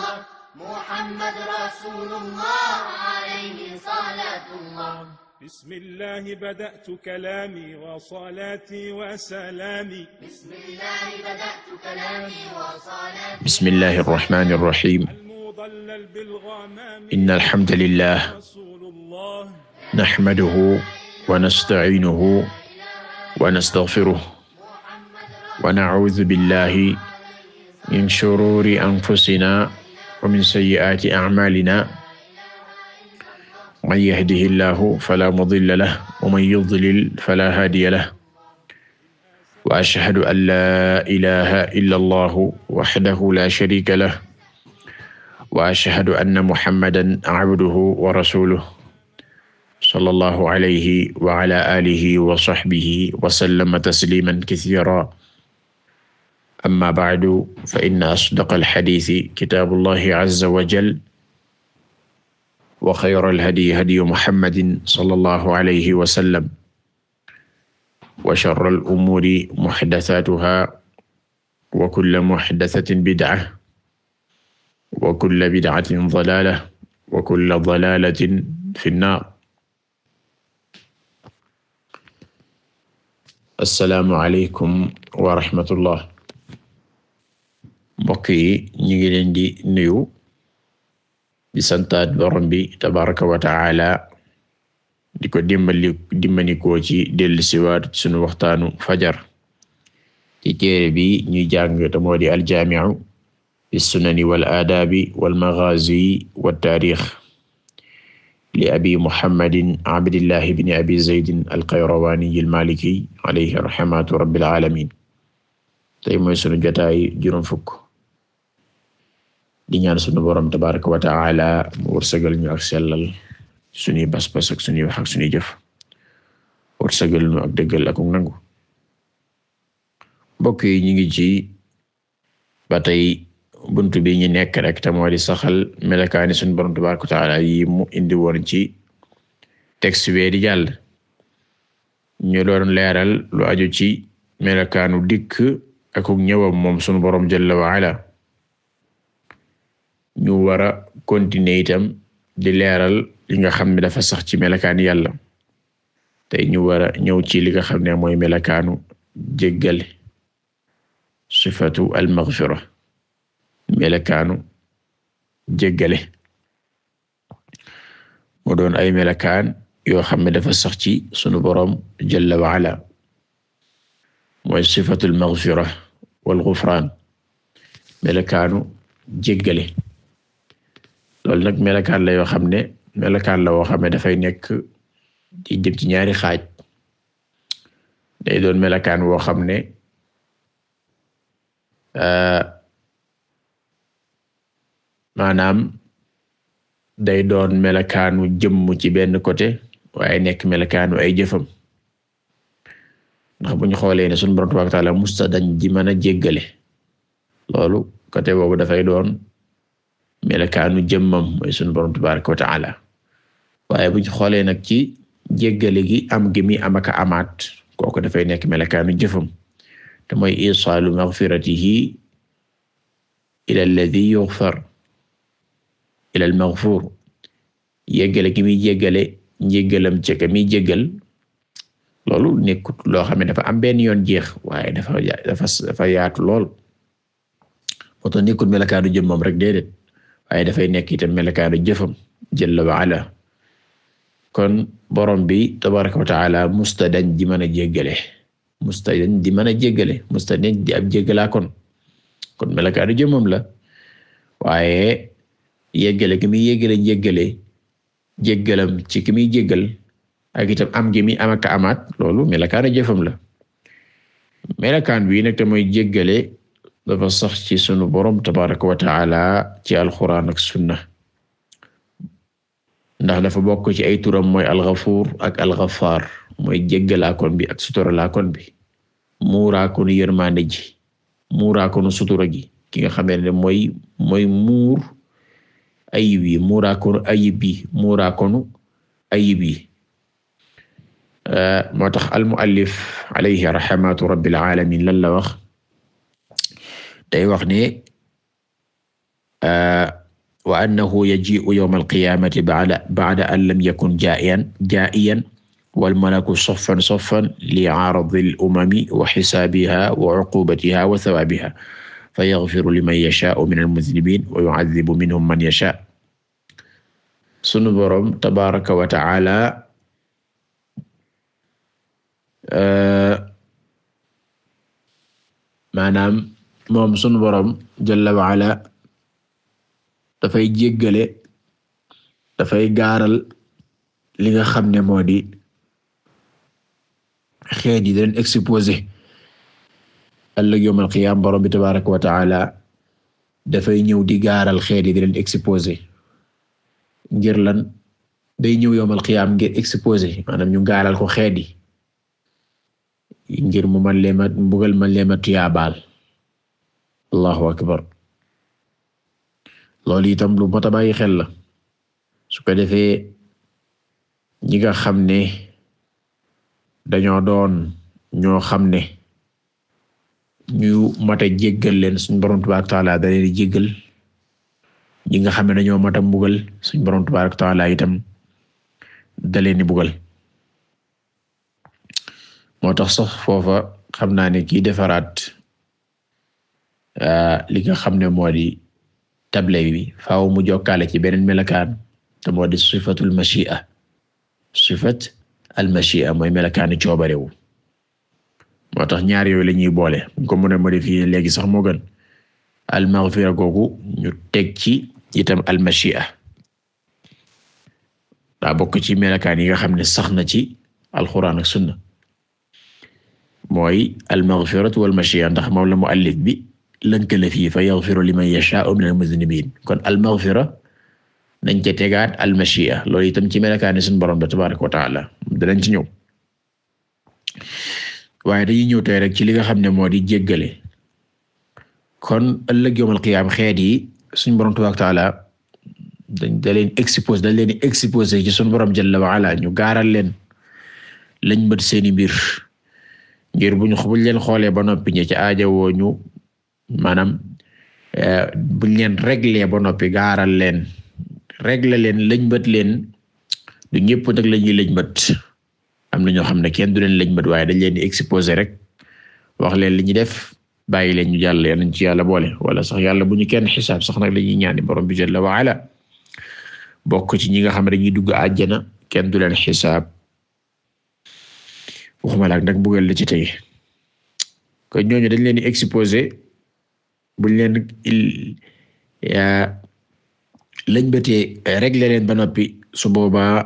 الله محمد رسول الله عليه صلاة الله بسم الله بدأت كلامي وصلاتي وسلامي بسم الله بدأت كلامي وصلاتي بسم الله الرحمن الرحيم إن الحمد لله نحمده ونستعينه ونستغفره ونعوذ بالله من شرور أنفسنا ومن سيئات أعمالنا من يهده الله فلا مضل له ومن يضلل فلا هادي له وأشهد أن لا إله إلا الله وحده لا شريك له وأشهد أن محمدا عبده ورسوله صلى الله عليه وعلى آله وصحبه وسلم تسليما كثيرا أما بعد فإن أصدق الحديث كتاب الله عز وجل وخير الهدي هدي محمد صلى الله عليه وسلم وشر الأمور محدثاتها وكل محدثة بدعة وكل بدعة ضلالة وكل ضلالة في النار السلام عليكم ورحمة الله mbokk yi ñu ngi leen di nuyu di santaat borom bi tabaraka wa di ko dimbali dimbanikoo ci dellu siwaat sunu waxtaanu fajar ci téere bi ñuy jàng te moo di sunani wal aadaabi wa taarix li abi muhammadin abdillahi bni abi zaydin alqayrawaani almaliki alayhi rahmatu rabbil alamin di ñaan sunu borom tabaraka wa taala mu wërsëgal ñu ak sellal suñuy bas-bas ak suñuy wax ak suñuy jëf wërsëgal ak dëggal ak nangu mbokk yi ñu ngi ci ba tey buntu bi ñu nekk rek te moo di saxal melakaani sunu borom tabaraka wa taala yi indi woon ci texte bi di jàll ñu doon leeral lu aju ci melakaanu dikk akuk ñëwam moom sunu borom jalla wa ala ñu war a continuer itam di leeral li nga xam ne dafa sax ci melakaan yàlla tey ñu war a ñëw ci li nga xam ne mooy melakaanu jéggale sifatu almaghfira melakaanu jéggale mu doon ay melakaan yoo xam ne dafa sax ci sunu boroom jalla wa ala mooy sifatu almaghfira wal ghufran melakaanu jéggale loolu nag melokaan la yoo xam ne melokaan la woo xam ne dafay nekk di jëm ci ñaari xaaj day doon melokaan woo xam ne euh, maanaam day doon melokaanu jëmm ci benn côté waaye nekk melokaanu ay jëfam ndax bu ñu xoolee ne sunu Boroom tabaaraka wa musta dañ ji mën a jéggale loolu côté boobu dafay doon. melakaanu jëmmam mooy sunu borom tabaraka wa taala waaye buñ xoolee nag ci jéggale gi am gi mi am ak amaat kooku dafay nekk melakaanu jëfam te mooy isaalu maghfiratihi ila alladhi yughfar ila al-maghfur jéggale gi muy jéggale njéggalam ci mi jéggal loolu nekkut loo xam ne dafa am benn yoon jeex waaye dafa dafa dafa yaatu lool moo tax nekkut melakaanu jëmmam rek déedéet waaye dafay nekk itam melakaanu jëfam jalla wa ala kon borom bi tabaraka wa taala mustadan di mën a jéggale mustadan di mën a jéggale mustadan di ab jéggalaa kon kon melakaanu jëmam la waaye yéggale ki muy yéggale jéggale jéggalam ci ki muy jéggal ak itam am gi muy am ak amaat loolu melakaanu jëfam la melakaan bii nag te dafa sax ci sunu borom tabaraka wa taala ci alquran ak sunna ndax dafa bokk ci ay turam mooy alxafuur ak alxafaar mooy jéggalaakoon bi ak suturalaakoon bi muuraakoonu yërmaande ji muuraakoonu sutur gi ki nga xamee ne mooy mooy muur ayib yi muuraakoonu ayib yi muuraakoonu ayib moo tax almuallif alayhi rahmatu rabbil alamin lan la wax day wax ne euh, wa annahu yaji'u yawma alqiyamati ba'da ba'da an lam yakun ja'iyan ja'iyan wal malaku saffan saffan li'aradi al-umami wa hisabiha wa 'uqubatiha wa thawabiha fa yaghfiru liman yasha'u min al-mudhnibin wa yu'adhibu minhum man yasha' sunu boroom tabaraka wa ta'ala euh, maanaam moom sunu boroom jalla wa ala dafay jéggale dafay gaaral li nga xam ne moo di xeet yi dañ exposé ëllëg yawmal qiyaam boroom bi tabaaraka wa taala dafay ñëw di gaaral xeet yi di leen exposé ngir lan day ñëw yawmal qiyaam ngir exposé maanaam ñu gaaral ko xeet yi ngir mu man leen a mbugal man leen a allahu akbar loolu itam lu mot a bàyyi xel la su ko defee ñi nga xam ne dañoo doon ñoo xam ne ñu mat a leen suñ borom tabaaraka taala da leen jéggal ñi nga xam ne dañoo mat a mbugal suñ borom tabaaraka taala itam da leen di moo tax sax foofa xam naa ne kii defaraat li nga xam ne moo di table bi faaw mu jokkaale ci beneen melakaan te moo di sifatul machia sifat al machia mooy melakaani coobarewu moo tax ñaar yooyu la ñuy boole bu ko mën a modifier léegi sax moo gën al maghfira googu ñu teg ci itam al machia daa bokk ci melakaan yi nga xam ne sax na ci alquran ak sunna mooy al maghfiratu wal machia ndax moom la muallif bi lënkale fii fa yaghfiru liman yashaa'u minal muznibiin kon al-maghfira nañ ca tegaat al-mashi'a itam ci melakaani suñu borom da tabaaraka wa ta'aala danañ ci ñëw waaye dañuy ñëw tey rek ci li nga xam ne moo di jéggale kon ëllëg yawmal qiyaam xeet yi suñu borom tabaaraka wa ta'aala dañ leen exposé dañ leen exposé ci suñu borom jalla wa ala ñu gaaral leen lañ mët seeni mbir ngir buñ buñ leen xoolee ba noppi ñe ci aajawoo ñu maanaam eh, buñ leen régler ba noppi gaaral leen régler leen lëñbët leen du ñëpp nag la ñuy lëñbët am na ñoo xam ne kenn du leen lëñbët waaye dañ leen di exposé rek wax leen li ñu def bàyyi leen ñu jàll yal nañ ci yàlla boole wala sax yàlla bu ñu kenn xisaab sax nag la ñuy ñaani borom bi la wa ala bokk ci ñi nga xam ne dañuy dugg àjjana kenn du leen xisaab waxuma laak nag bugal la ci tey kon ñooñu dañ leen di exposer buñ leen lañ bëtee régler leen ba noppi su boobaa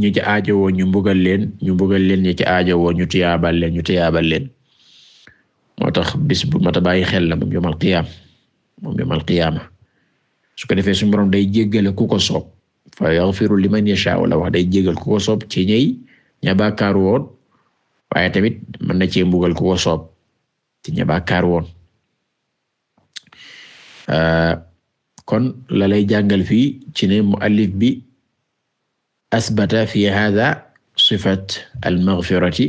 ñu ci aajowoo ñu mbugal leen ñu mbugal leen ñu ci aajowoo ñu tuyaabal leen ñu tuyaabal leen moo tax bis bu mat a bàyyi xel na moom yomal qiyaam moom yomal qiyaama su ko defee suñu borom day jéggale ku ko soob fa yaghfiru liman yashaa la wax day jéggal ku soob ci ñëy ña bàkkaar woon waaye tamit mën na cee mbugal ku soob ci ña bàkkaar woon Euh, kon lalay lay jàngal fii ci ne muallif bi asbata fi hada sifat almaghfirati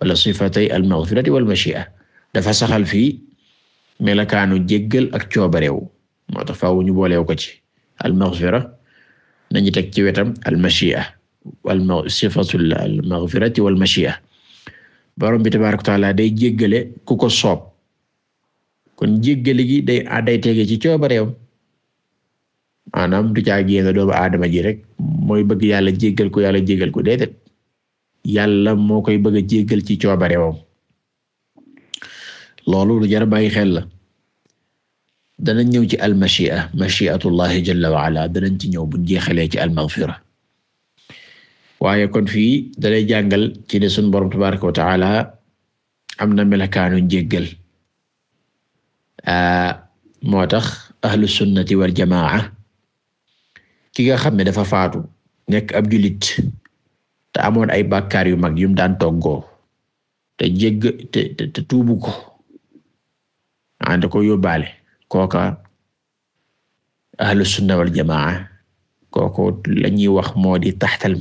wala sifatay almaghfirati wal mashia dafa saxal fii melakaanu jéggal ak coobareew moo tax faaw ñu booleew ko ci almaghfira nañu teg ci wetam almashia sifatu almaghfirati wal mashia borom bi tabaaraka wa taala day jéggale kuko ko soob kon jéggale gi ah, day tege ci coobareem maanaam du caa génn doomu aadama ji rek mooy bëgg yàlla jéggal ko yàlla jéggal ko déedéet yàlla moo koy bëgg a ci coobareewam loolu lu jar bàyyi xel la danañ ñëw ci almachia machiatullahi jalla wa ala danañ ci ñëw bu jeexalee ci almaghfira waaye kon fii dalay jàngal ci ne sunu borom tabaraka wa taala am na melakaanu jéggal Euh, moo tax ahlu sunnati wal jamaa ki nga xam ne dafa faatu nekk ab jullit te amoon ay bàkkaar yu mag yum daan toggoo te jégg te te tuubu ko ànd ko yóbbaale kooka ahlu sunna wal jamaa kooku la ñuy wax moo di taxta al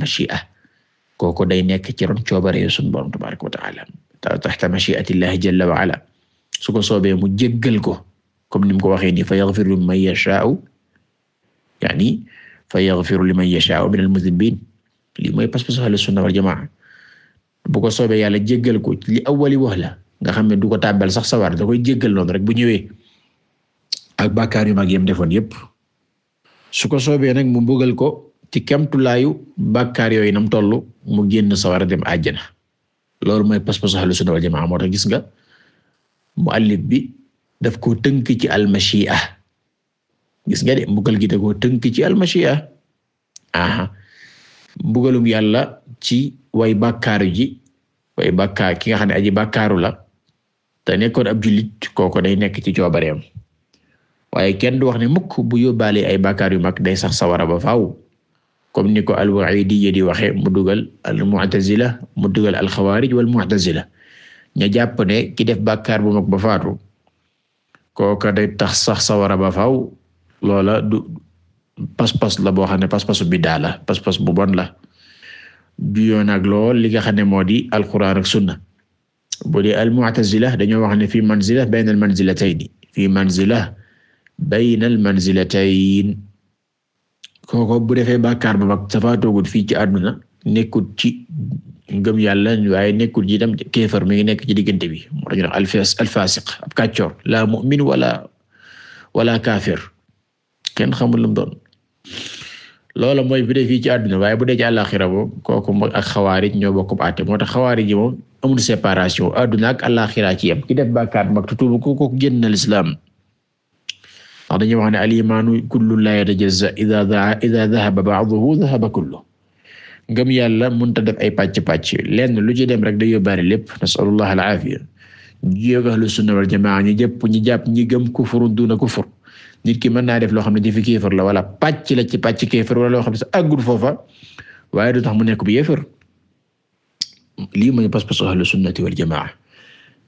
kooku day nekk ci ron coobare yu sunu borom tabaraka wa taala taxta machiatillahi jalla wa ala su ko soobee mu jéggal ko comme ni mu ko waxee ni fa yaghfiru liman yasha'u yani fa yaghfiru liman yasha'u min al-mudhnibin lii mooy pas-pas ahlu sunna wal jamaa bu ko soobee yàlla jéggal ko li awwali wahla nga xam ne du ko tàbbal sax sawar da koy rek bu ñëwee ak bàkkaar yu mag yem defoon yépp su ko soobee nag mu mbugal ko ci kemtulaayu bàkkaar yooyu nam tollu mu génn sawar dem àjjana loolu mooy pas-pas ahlu sunna wal jamaa moo ta gis nga muallif bi daf koo tënk ci almashia gis nga de mbugal gi da koo tënk ci almashia aha mbugalum yàlla ci way bàkkaaru ji way bàkkaar ki nga xam ne aji bàkkaaru la te nekkoon ab jullit kooku day nekk ci coobareem waaye kenn du wax ne mukk bu yóbbaale ay bàkkaar yu mag day sax sawara ba faaw comme ni ko al-Wa'idiyya di waxe mu dugal al-Mu'tazila mu dugal al-Khawarij wal-Mu'tazila ña jàpp ne ki def bàkkaar bu mag ba faatu kooka day tax sax sawara ba faw loola du pas la boo xam ne pas-pasu biddaa la pas-pas bu bon la juyoon nag lool li nga xam ne moo di alquran ak sunna bu dee almu'tazila dañoo wax ne fii manzila bayna al manzilatayn fii manzila bayna al manzilatayn kooko bu defee bàkkaar bu mag safaatoogut fii ci àdduna nekkut ci ngëm yàlla waaye nekkul ji itam kéefar mi ngi nekk ci diggante bi moo tax wax alfas alfasiq ab kàccoor la mu'min wala wala kaafir kenn xamul lu mu doon loola mooy bu dee fii ci àdduna waaye bu dee ci àllaaxira moom kooku ak xawaarij ñoo bokk ba moo tax xawaarij yi moom amul séparation ak àllaaxira ci yam ki def bàkkaar mag tutubu ko ko génn na lislaam ndax dañuy wax ne al imaanu kullu la yatajazza idha dhahaba ba'duhu ngëm yàlla mun ta def ay pàcc-pàcc lenn lu ci dem rek day yóbbaale lépp nasalullah al aafiya jiyoog ahlu sunna wal jamaa ñi jëpp ñi jàpp ñi gëm kufuru duna kufur nit ki mën naa def loo xam ne jëfi kéefër la wala pàcc la ci pàcc kéefër wala loo xam ne sa àggul foofa waaye du tax mu nekk bu yéefër lii mooy pas-pasu ahlu sunnati wal jamaa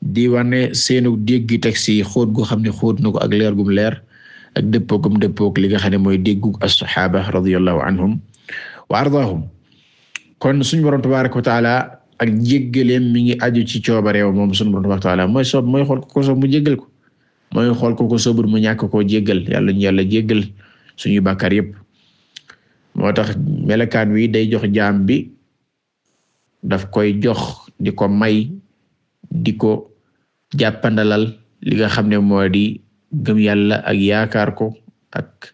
di wane seenu dégg taxi xóot gu xam ne xóot na ko ak leer gum leer ak dëppoogum dëppoog li nga xam ne mooy déggu as-saxaaba radiyallahu anhum wa ardaahum kon suñu borom tabaaraka wa taala ak jéggaleem mi ngi aju ci coobareew moom suñu borom tabaaraka taala mooy soob mooy xool ko soob mu jéggal ko mooy xool ko ko soobul mu ñàkk koo jéggal yàlla ñu yàlla jéggal suñu bàkkaar yépp moo tax melakaan wi day jox jaam bi daf koy jox di ko may di ko jàppandalal li nga xam ne mooy di gëm yàlla ak yaakaar ko ak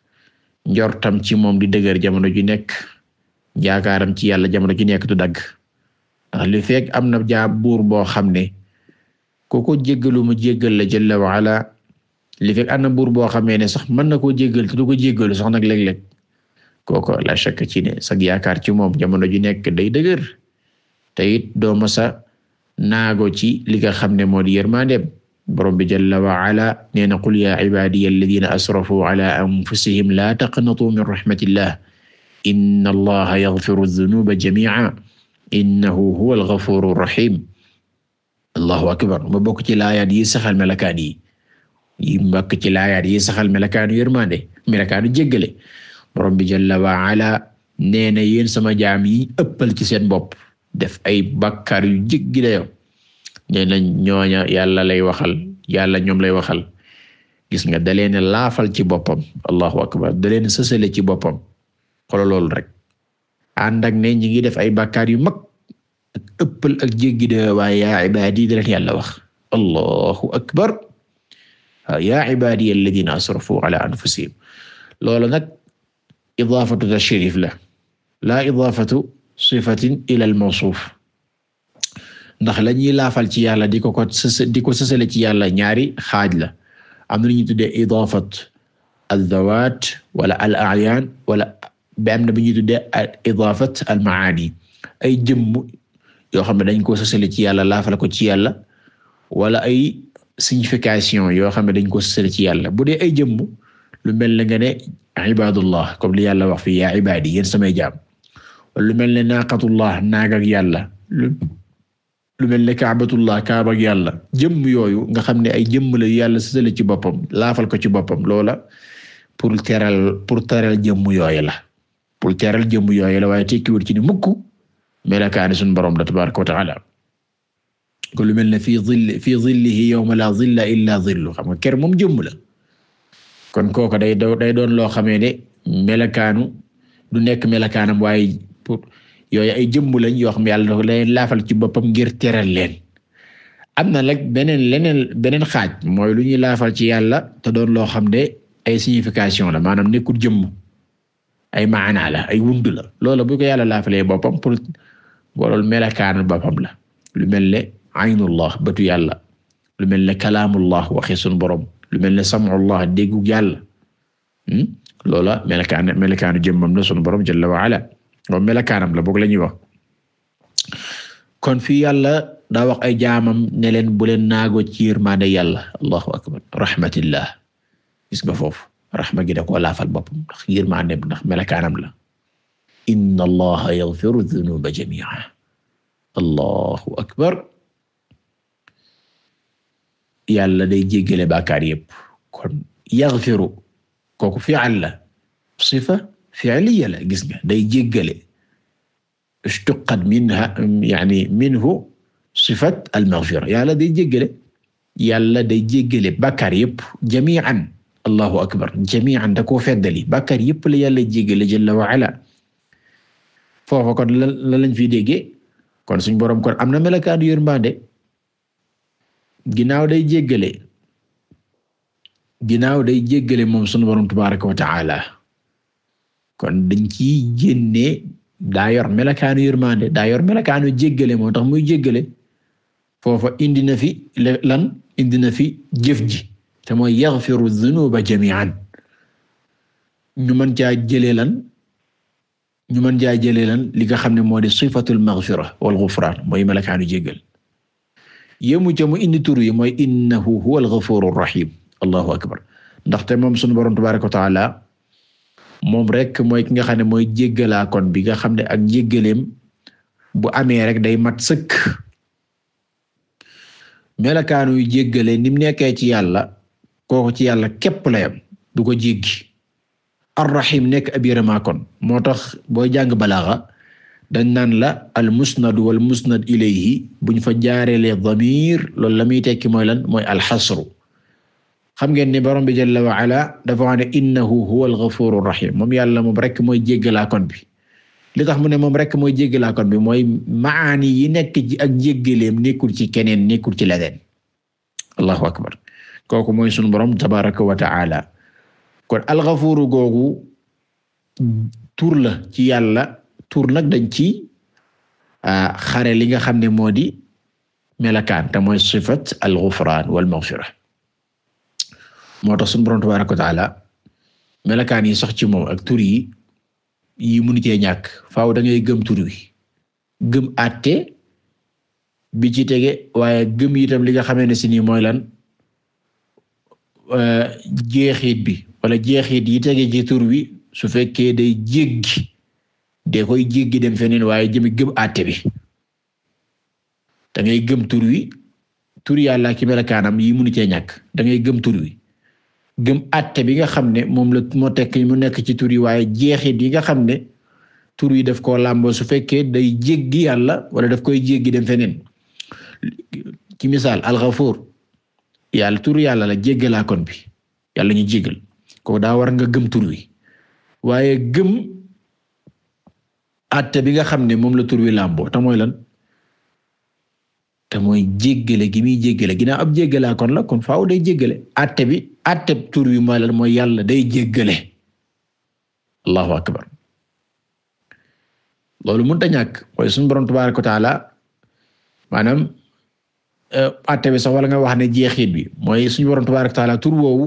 njortam ci moom di dëgër jamono ju nekk yaakaaram ci yàlla jamono ji nekk du dagg ndax li fekk am na jaab buur boo xam ne ku ko jéggalu mu la jalla wa ala li fekk am na buur boo xamee ne sax mën na koo jéggal te du ko jéggalu sax nag léeg-léeg kooko la shakk ci ne sag yaakaar ci moom jamono ju nekk day dëgër te it doo masa naago ci li nga xam ne moo di yërmandeem borom bi jalla wa ala nee na qul ya ibadiya alladhina asrafu ala anfusihim la taqnatu min rahmatillah inna allaha yaghfiru dhunuba jami'an innahu huwal ghafurur rahim allahu akbar ma bokk ci laayaat yi saxal melakaan yi yi mbokk ci laayaat yi saxal melakaanu yërmande melakaanu jéggale borom bi jalla wa ala nee na yéen sama jaam yi ëppal ci seen bopp def ay bàkkaar yu jéggi dayo nee na ñooña yàlla lay waxal yàlla ñoom lay waxal gis nga da leen laafal ci boppam allahu akbar da leen sësale ci boppam xoolal loolu rek ànd ak ne def ay bakkaar yu mag ak ëppal ak jéggi de waaye yaa ibaadi da leen yàlla wax allahu akbar yaa ibaadi alladina asrafu ala anfusihim loolu nag idaafatu tashrif la laa idaafatu sifatin ila al mawsuuf ndax la ñuy laafal ci yàlla di ko ko di ko sësale ci yàlla ñaari xaaj la am na ñu idaafat al dawaat wala al a'yaan wala bi am na bu ñuy tuddee idaafat al maani ay jëmm yoo xam ne dañ ko sosale ci yàlla laafal ko ci yàlla wala ay signification yoo xam ne dañ ko sosale ci yàlla bu dee ay jëmm lu mel ne nga ne ibadullah comme li yàlla wax fi yaa ibaadi yéen samay jaam lu mel ne naaqatullah naag ak yàlla lu mel ne kaabatullah kaaba ak yàlla jëmm yooyu nga xam ne ay jëmm la yàlla sosale ci boppam laafal ko ci boppam loola pour teral pour teral jëmm yooyu la pour teral jëmm yooyu la waaye tekkiwul ci ni mukk melakaani suñu borom la tabaaraka wa ta'ala ko lu mel ne fii zill fii zillihi yawma la zilla illa zillu xam nga kër moom jëmm la kon kooku day day doon loo xamee ne melakaanu du nekk melakaanam waaye pour yooyu ay jëmm lañ yoo xam yàlla da laafal ci boppam ngir teral leen am na nag beneen leneen beneen xaaj mooy lu ñuy laafal ci yàlla te doon loo xam ne ay signification la maanaam nekkul jëmm ay maanaa la ay wund la loola bu ko yàlla laafalee boppam pour loolu melakaanu boppam la lu mel ne aynullah bëtu yàlla lu mel ne kalaamullah waxi sunu borom lu mel ne sam'ullah déggu yàlla hmm? loola melakaanu melakaanu jëmmam la sunu borom jalla wa ala moom la boog la ñuy wax kon fii yàlla daa wax ay jaamam ne leen bu leen naago ci yërmande yàlla allahu akbar rahmatillah gis nga foofu raxma gi da koo laafal boppam ndax yërmaande ndax melakaanam la inna allaha yaghfiru dhunuba jami'a allahu akbar yàlla day jéggale bàkkaar yépp kon yaghfiru kooku fi'l la sifa fi'liya la gis nga day jéggale ishtuqqat minha yani minhu sifat al-maghfira yàlla day jéggale yàlla day jéggale bàkkaar yépp jami'an allahu akbar jami'an da koo feddali bàkkaar yëpp la yàlla jégale jalla wa ala kon la lañ fiy déggee kon suñ boroom kon am na melakaanu yërmande ginnaaw day jéggale ginnaaw day jéggale moom sunu boroom tabaraka wa kon dañ ciy génnee daa yor melakaanu yërmande daa yor melakaanu jéggale moo tax muy jéggale foofa indi na fi lan indi na fi jëf ji te mooy yaghfiru dhunuba jami'an ñu mën caa jëlee lan ñu mën caa jëlee lan li nga xam ne moo di sifatul maghfira wal ghufran mooy malakaanu jéggal yému ca mu indi tur yi mooy innahu huwal ghafurur rahim allahu akbar ndaxte moom sunu borom tabaaraka wa ta'ala moom rek mooy ki nga xam ne mooy jéggalaa kon bi nga xam ne ak jéggaleem bu amee rek day mat sëkk melakaanu jéggale nim nekkee ci yàlla kooku ci yàlla képp la yam du ko jéggi arrahim nekk ab yërëmaa moo tax booy jàng balaaxa dañ naan la al musnad wal musnad ilayhi buñ fa jaareele damir loolu la muy tekki mooy lan mooy alxasru xam ngeen ni borom bi jalla wa ala dafa wax ne innahu huwa al ghafuru moom yàlla moom rek mooy jéggalaa kon bi li tax mu ne moom rek mooy jéggalaa kon bi mooy maani yi nekk ci ak jéggaleem nekkul ci keneen nekkul ci leneen kooku mooy sunu borom tabaraka wa taala kon alxafuuru googu tur la ci yàlla tur nag dañ ci xare li nga xam ne moo di melakaan te mooy sifat alxufraan wal moo tax sunu borom tabaraka wa taala melakaan yi sax ci moom ak tur yi yi munu cee ñàkk faaw da gëm tur wi gëm àtte bi ci tege waaye gëm itam li nga xamee ne si nii mooy lan Euh, jeexit bi wala jeexit yi tege ci tur wi su fekkee day jéggi de koy jéggi dem feneen waaye jëm gëm àtte bi dangay gëm tur wi tur yàlla ki melakaanam yi munu cee ñàkk da gëm tur wi gëm àtte bi nga xam ne moom la moo tekk mu nekk ci tur yi waaye jeexit yi nga xam ne tur yi def koo làmboo su fekkee day jéggi yàlla wala daf koy jéggi dem feneen ci misaal al yàlla tur yàlla la jéggalaa kon bi yàlla ñu jéggal kooku daa war nga gëm tur wi waaye gëm àtte bi nga xam ne moom la tur wi làmboo te mooy lan te mooy jéggale gi muy jéggale ginnaaw ab jéggalaa kon la kon faaw day jéggale àtte bi àtte tur wi mooy lan mooy yàlla day jéggale allahu akbar loolu mënut a ñàkk mooy suñu borom tabaaraka wa Euh, atte bi sax wala nga wax ne jeexit bi mooy suñu borom tabaaraka taala tur woowu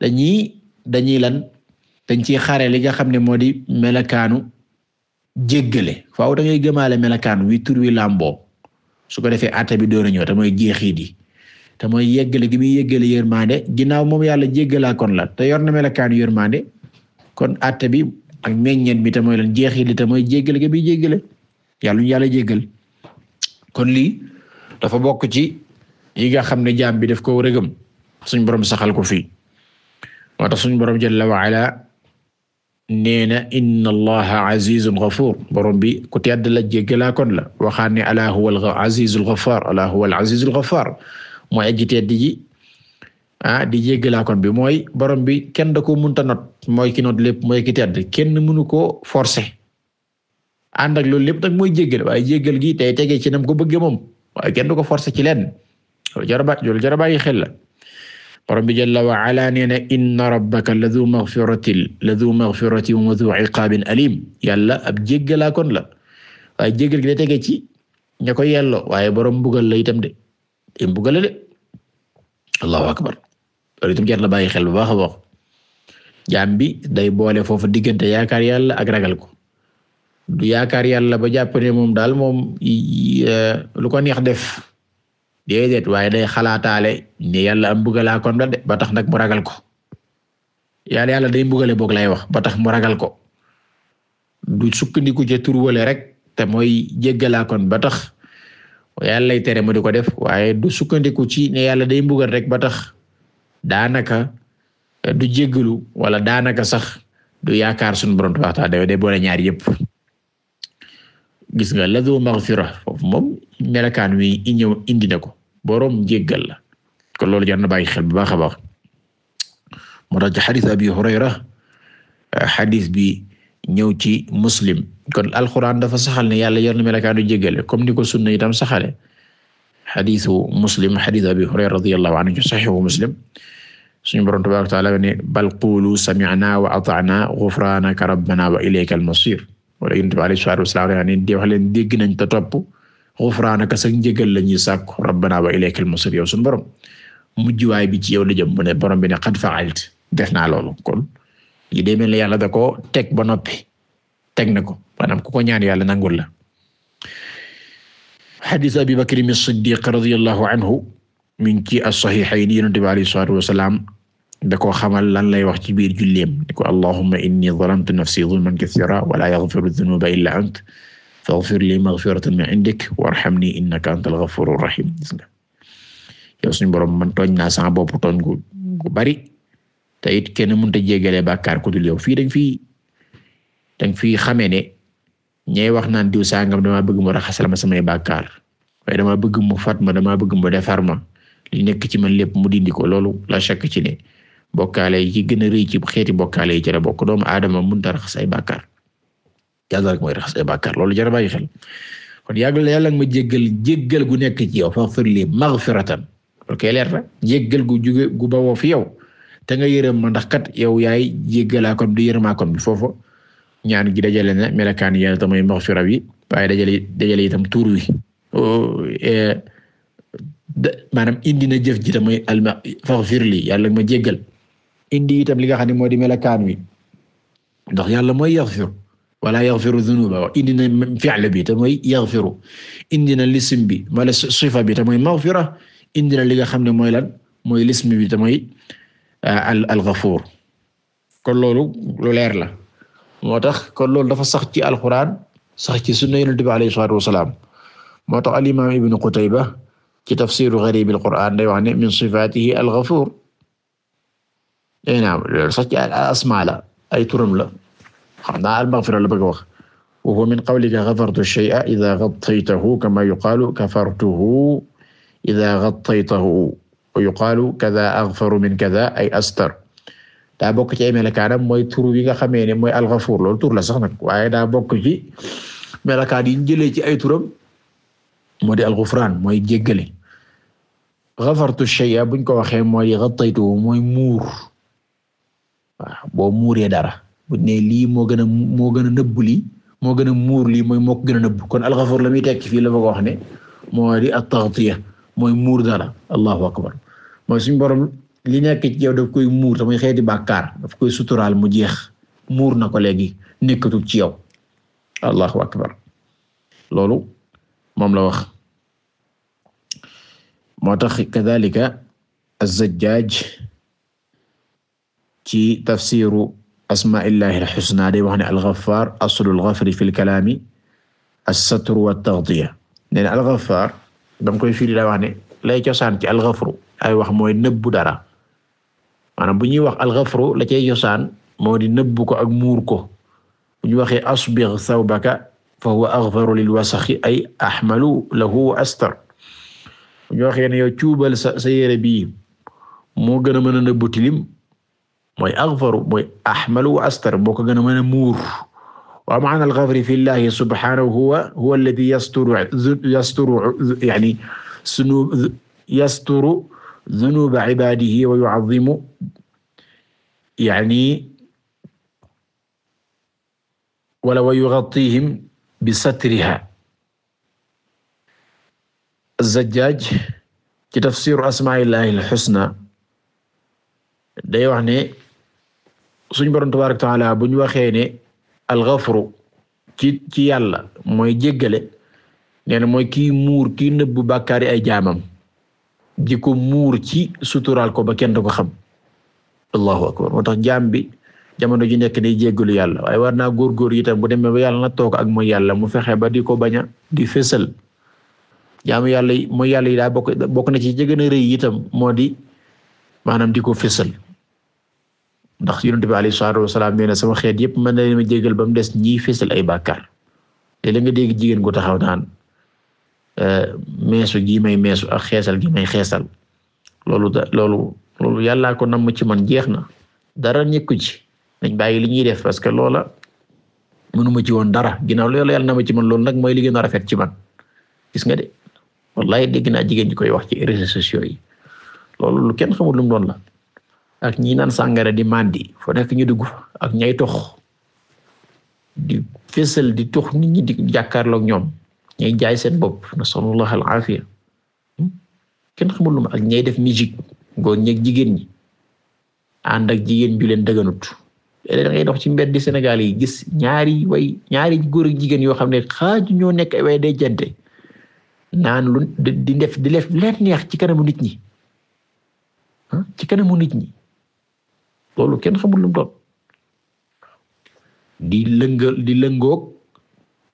dañuy dañuy lan dañ ci xare yi nga xam ne moo di melakaanu jéggale faaw da ngay gëmaale melakaanu wi tur wi làmboo su ko defee atte bi doon ñëw te mooy jeexit yi te mooy yeggale gi muy yeggale yërmande ginnaaw moom yàlla jéggalaa kon la te yor na melakaanu yërmande kon atte bi ak meññeen bi te mooy lan jeexit li te mooy jéggale gi muy jéggale yàlla ñu yàlla jéggal kon lii dafa bokk ci yi nga xam ne jaam bi daf ko rëgëm suñ borom saxal ko fii moo tax suñ borom jalla wa ala nee na inna allaha azizun borom bi ku tedd la jéggalaa kon la waxaan ne ala huwa al azizul mooy aji tedd ji ah di jéggalaa kon bi mooy borom bi kenn da ko munta not mooy ki not lépp mooy ki kenn mënu koo forcer ànd ak loolu lépp nag mooy jéggal waaye jéggal gi te tege ci nam ko bëgge moom waaye kenn du ko forcer ci leen loolu jar a ba loolu jar a bàyyi xel la borom bi jalla wa ala nee na inna rabbaka ladu maghfiratin ladu maghfiratin wa du iqaabin alim yàlla ab jéggalaa kon la waaye jéggal gi da tege ci ña ko yelloo waaye borom mbugal la itam de te mbugal la de allahu akbar loolu itam bàyyi xel bu baax a baax bi day boole foofu diggante yaakaar yàlla ak ragal ko du yaakaar yàlla ba jàpp ne moom daal moom e, lu kon yax def déedéet waaye day xalaataale ne yàlla am mbugalaa kon la de ba tax nag mu ragal ko yàlla yàlla day mbugale boog lay wax ba tax mu ragal ko du sukkandiku ca turwale rek te mooy jéggalaa ba tax yàlla lay tere mu di ko def waaye du sukkandiku ci ne yàlla day mbugal rek ba tax daanaka du jéggalu wala daanaka sax du yaakaar sunu borom tabax taala day boole ñaar yépp gis nga ladu maghfira foofu moom melakaan wi ñëw indi na ko boroom jéggal la kon loolu jar na bàyyi xel bu baax a baax moo tax ci xadis abi hurayra ah, xadis bi ñëw ci muslim kon alquran dafa saxal ne yàlla yor na melakaanu jéggale comme ni ko sunna itam saxale xadisu muslim xadis abi hurayra radiyallahu anhu ci saxiixu muslim suñu boroom tabaaraka wa taala ne bal qulu sami'na wa ata'na ghufranaka rabbana wa ilayka al wala yonent bi alayhi salaatu wasalaam yaa ne di wax leen dégg nañ te topp xufraanaka sa njëgal la ñuy sàkku rabbana wa ilaykal masir yow suñu borom mujjuwaay bi ci yow la jëm ne borom bi ne qad fa'altu def naa loolu kon li demee la yàlla da ko teg ba noppi teg na ko maanaam ku ko ñaan yàlla nangul la xadis abi bakr siddiq radiyallahu anhu min ci as-sahihayn yonent bi alayhi salaatu wasalaam da koo xamal lan lay wax ci biir julleem ne ko allahumma inni zalamtu nafsi zulman kathira wa la yaghfiru dhunuba illa ant faghfir li maghfiratan min indik warhamni innaka antal ghafurur rahim gis nga yow suñu borom man tooñ naa sama bopp tooñ gu gu bari te it kenn mënut a jéggale bàkkaar ku dul yow fii dañ fii dañ fii xamee ne ñay wax naan diw sangam damaa bëgg mu ma samay bàkkaar waaye damaa bëgg mu fat ma damaa bëgg mu defar ma li nekk ci man lépp mu dindi ko loolu la chàkk ci ne bokkaale yi ci gën a rëy ci xeeti bokkaale yi ci bokk doomu aadama mënut a raxas ay bàkkaar yàlla rek mooy raxas ay bàkkaar loolu jar a bàyyi xel kon yàlla yàlla ma jéggal jéggal gu nekk ci yow faghfir li maghfiratan ok gu juge gu bawoo fi yow te nga yërëm ma ndax yow yaay jéggalaa kon du yërëmaa bi foofu ñaan gi dajale na melakaan yi ta mooy maghfira wi waaye dajale dajale itam tuur wi eh, maanaam indi na jëf ji ta mooy al maghfir li yàlla nga ma jéggal indi itam li nga xam ne moo di melakaan wi ndax yàlla mooy yaghfir wala yaghfiru dhunuba indi na fi'l bi te mooy yaghfiru indi na lism bi wala sifa bi te mooy maghfira indi na li nga xam ne mooy lan mooy lism bi te mooy euh, al al ghafur kon loolu lu leer moo tax kon loolu dafa sax ci alquran ci sunna yonent bi alayhi salaatu moo tax al imam ibnu ci tafsiru gharib al min sifatihi al day naaw sax ci asmaa la ay turam la xam naa al-maghfira la bëgg a wax wa huwa min qawlika ghafartu shay'a idha ghattaytahu kama yuqalu kafartuhu idha ghattaytahu wa yuqalu kadha aghfaru min kadha ay astar daa bokk ci ay melakaanam mooy tur wi nga xamee ne mooy al-Ghafuur loolu tur la sax nag waaye daa bokk ci melakaan yi ñu jëlee ci ay turam moo di al-Ghufraan mooy jéggale ghafartu shay'a buñ ko waxee mooy ghattaytuhu mooy muur waaw boo muuree dara bu ne lii moo gën a moo gën a nëbbu lii moo gën a muur lii mooy moo gën a nëbbu kon alxafuur la muy tekki fii la ma ko wax ne moo di at-taghtiya mooy muur dara allahu akbar mooy suñu borom li nekk ci yow daf koy muur te muy xeeti bàkkaar daf koy suturaal mu jeex muur na ko léegi nekkatul ci yaw allahu akbar loolu moom la wax moo tax kadhalika az-Zajjaj ci tafsiru asmaillahi alxusna day wax ne alxafaar aslul xafri fi lkalaami assatru wattaxdiya koy firi wax lay cosaan ci alxafru ay wax mooy nëbbu dara maanaam bu ñuy wax alxafru la cay cosaan moo di nëbbu ko ak muur ko bu ñu waxee asbigh thawbaka fa huwa aghfaru lil wasakhi ay ahmalu lahu wa astar bu ñu waxee ne yow cuubal sa yére bii moo gën a mën a tilim mooy aghfaru mooy ahmalu wa astar boo ko gën a mën a muur wa ma'na al-ghafri fi llahi subhanahu huwa huwa alladhi yasturu yasturu yani sunu yasturu dhunuba ibadihi wa yu'azzimu yani wala wa yughattihim bi satriha az-Zajjaj ci tafsiru asma'illahi al-husna day wax ne suñ borom tabaaraka taala bu ñu waxee ne alxafru ci ci yàlla mooy jéggale nee na mooy kii muur kii nëbbu bakkaari ay jaamam di ko muur ci suturaal ko ba kenn du ko xam allahu akbar moo tax jaam bi jamono ju nekk day jéggalu yàlla waaye war naa góorgóor itam bu demee ba yàlla na toog ak mooy yàlla mu fexee ba di ko bañ a di fésal jaamu yàlla yi mooy yàlla yi daa bokk bokk na ci jégën a rëy itam moo di maanaam di ko fésal ndax yonent bi alayhi salaatu wasalaam nee na sama xeet yépp mën na ma a jégal ba mu des ñiy fésal ay bàkkaar te la nga dégg jigéen gu taxaw naan euh, meesu gi may meesu ak xeesal gi may xeesal loolu da loolu loolu yàllaa ko nam ci man jeex na dara ñëkku ci dañ bàyyi li ñuy def parce que loola mënuma ci woon dara ginnaaw loolu yàlla nam ci man loolu nag mooy li gën rafet ci man gis nga de wallahi dégg naa jigéen ñi koy wax ci réseaux sociaux yi loolu lu kenn xamul lu mu doon la ak ñi naan sàngara di màndi fo nekk ñu dugg ak ñay tox di fésal di tox nit ñi di jàkkaarloog ñoom ñay jaay seen bopp nasalullah al hmm? kenn xamul ak ñay def musique góor ñeeg jigéen ñi ànd ak jigéen ju leen dëgganut ngay dox ci mbedd Sénégal yi gis ñaari way góor jigéen yoo xam ne xaaju ñoo nekk ay way day jante naan lu di def di def leen neex ci kanamu nit ñi hmm? ci nit ñi loolu kenn xamul lu doon di lëngal di lëngoog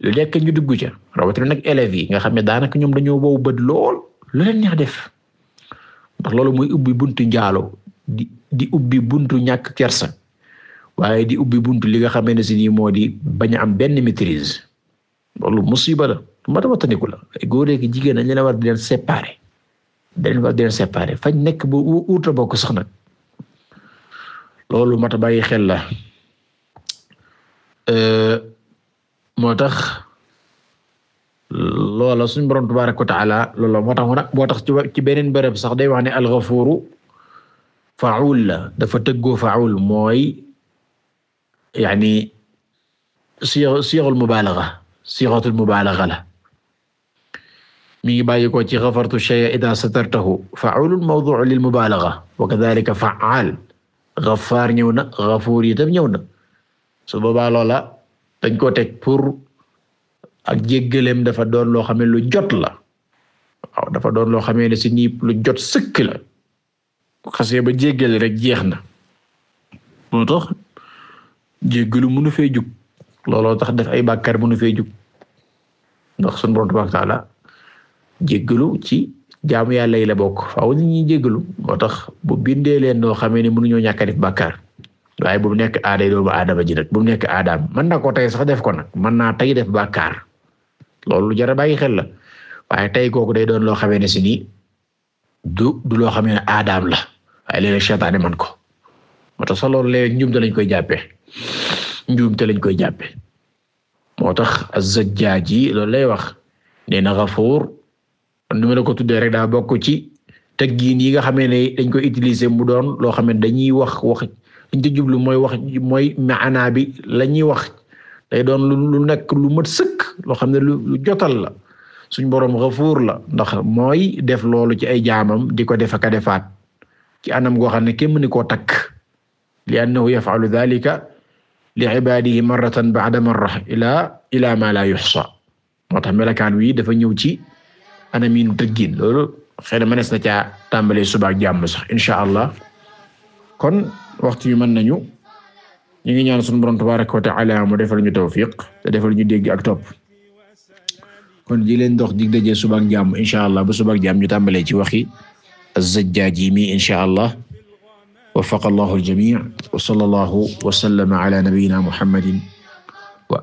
lu nekk ñu dugg ca rawatina nag élèves yi nga xam ne daanaka ñoom dañoo wow bët lool lu leen neex def ndax loolu mooy ubbi buntu njaaloo di di ubbi buntu ñàkk kersa waaye di ubbi buntu li nga xamee ne si nii moo di bañ a am benn maîtrise loolu musiba la mata wataniku la góor ak jigéen dañ leen war di leen séparer dañ leen war di leen séparer fañ nekk ba uta bokk sax nag loolu mat a bàyyi xel la euh, moo tax loola suñu borom tabaaraka wa taala loola moo tax mu nag moo tax ci beneen bërëb sax day wax ne alxafuuru faul la dafa tëggoo faul mooy yaani siix siixul mubaalaxa siixatul mubaalaxa la mi ngi bàyyi ko ci xafartu shay'a idaa satartahu faulun mawdu'un lil mubaalaxa wa kadhalika fa'aal xafaar ñëw na xafuur itam ñëw na su boobaa loola dañ ko teg pour ak jéggaleem dafa doon loo xam lu jot la waaw dafa doon loo xamee ne si ñi lu jot sëkk la xasee ba jéggale rek jeex na moo tax jéggalu mënu fee jug looloo tax def ay bàkkaar mënu fee jug ndax sunu Boroom tabaaraka wa taala jéggalu ci jaamu yàlla yi la bokk faaw nit ñi jéggalu moo tax bu bindee leen noo xamee ne mënuñoo ñoo a def bàkkaar waaye bu mu nekk aaday doomu aadama ji bu mu nekk aadaam man na ko tey sax def ko nag mën naa tayi def bàkkaar loolu jar a bàyyi xel la waaye tey kooku day doon loo xamee ne si nii du du loo xamee ne aadaam la waaye léeg-léeg seytaane man ko moo tax sax loolu léeg njuumte lañ koy jàppee njuumte lañ koy jàppee moo tax az-Zajjaaji loolu lay wax nee a Gafuur kon nu ma la ko tuddee rek daa bokk ci teggiin yi nga xamee ne dañ koy utiliser mu doon loo xam ne dañuy wax wax liñ ci jublu mooy wax mooy maanaa bi la wax day doon lu nekk lu mat sëkk loo xam ne lu jotal la suñ boroom Gafuur la ndax mooy def loolu ci ay jaamam di ko def ak defaat ci anam goo xam ne kenn mënu koo takk li annahu yaf'alu dhalika li ibaadihi marratan ba'da marra ila ila ma la yuhsa moo tax melakaan wi dafa ñëw ci anamiinu tëggin loolu xëy na mënees na caa tàmbalee suba ak jàmm sax incha allah kon waxtu yu mën nañu ñu ngi ñaan sunu borom tabaraka wa taala mu defal ñu tawfiq te defal ñu dégg ak topp kon di leen dox dig dajee suba ak jàmm incha allah ba suba ak jàmm ñu tàmbalee ci waxi az-Zajjaaj yi mi incha allah waffaqa allahu al-jamii wa sallallahu wa sallama ala nabiyyina muhammadin wa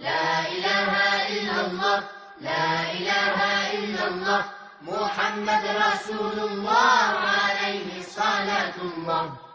لا إله إلا الله لا إله إلا الله محمد رسول الله عليه صلاة الله